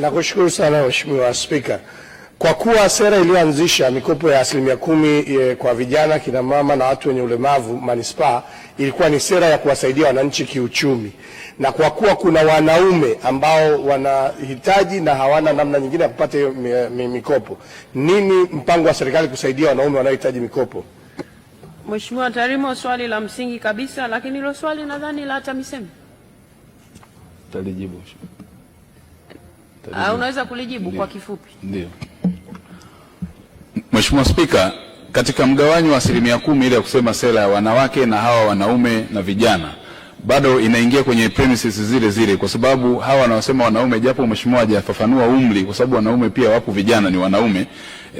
Nakushukuru sana Mheshimiwa Spika, kwa kuwa sera iliyoanzisha mikopo ya asilimia kumi eh, kwa vijana, kina mama na watu wenye ulemavu manispaa ilikuwa ni sera ya kuwasaidia wananchi kiuchumi, na kwa kuwa kuna wanaume ambao wanahitaji na hawana namna nyingine ya kupata hiyo mikopo, nini mpango wa serikali kusaidia wanaume wanaohitaji mikopo? Mheshimiwa Tarimo, swali la msingi kabisa, lakini hilo swali nadhani la TAMISEMI Talijibu. Talijibu. Ah, unaweza kulijibu Ndiyo. Kwa kifupi. Ndio. Mheshimiwa Spika, katika mgawanyo wa asilimia kumi ile ya kusema sera ya wanawake na hawa wanaume na vijana bado inaingia kwenye premises zile zile, kwa sababu hawa wanaosema wanaume, japo mheshimiwa hajafafanua umri, kwa sababu wanaume pia wapo, vijana ni wanaume,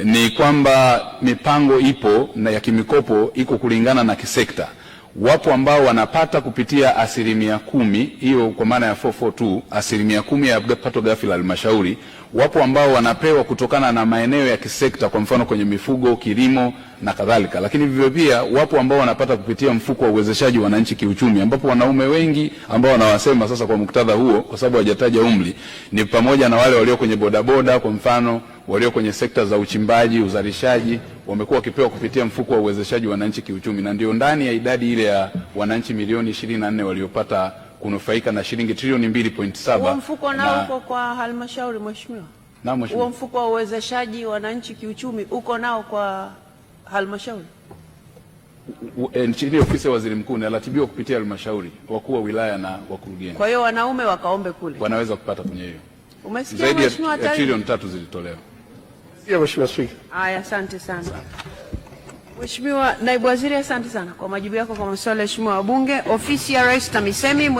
ni kwamba mipango ipo na ya kimikopo iko kulingana na kisekta wapo ambao wanapata kupitia asilimia kumi hiyo kwa maana ya 442 asilimia kumi ya pato ghafi la halmashauri. Wapo ambao wanapewa kutokana na maeneo ya kisekta, kwa mfano kwenye mifugo, kilimo na kadhalika, lakini vivyo pia wapo ambao wanapata kupitia mfuko wa uwezeshaji wananchi kiuchumi, ambapo wanaume wengi ambao wanawasema sasa kwa muktadha huo, kwa sababu hajataja umri, ni pamoja na wale walio kwenye bodaboda, kwa mfano walio kwenye sekta za uchimbaji, uzalishaji wamekuwa wakipewa kupitia mfuko wa uwezeshaji wananchi kiuchumi, na ndio ndani ya idadi ile ya wananchi milioni 24 waliopata kunufaika na shilingi trilioni 2.7. mfuko nao uko kwa halmashauri mheshimiwa? Na mheshimiwa, mfuko wa uwezeshaji wananchi kiuchumi uko nao kwa halmashauri? E, Chini ofisi ya waziri mkuu inaratibiwa kupitia halmashauri, wakuu wa wilaya na wakurugenzi. Kwa hiyo wanaume wakaombe kule, wanaweza kupata kwenye hiyo. Umesikia mheshimiwa, zaidi trilioni tatu zilitolewa. Ya Mheshimiwa Spika. Aya, asante sana. Mheshimiwa Naibu Waziri, asante sana kwa majibu yako kwa maswali ya Mheshimiwa wabunge. Ofisi ya Rais TAMISEMI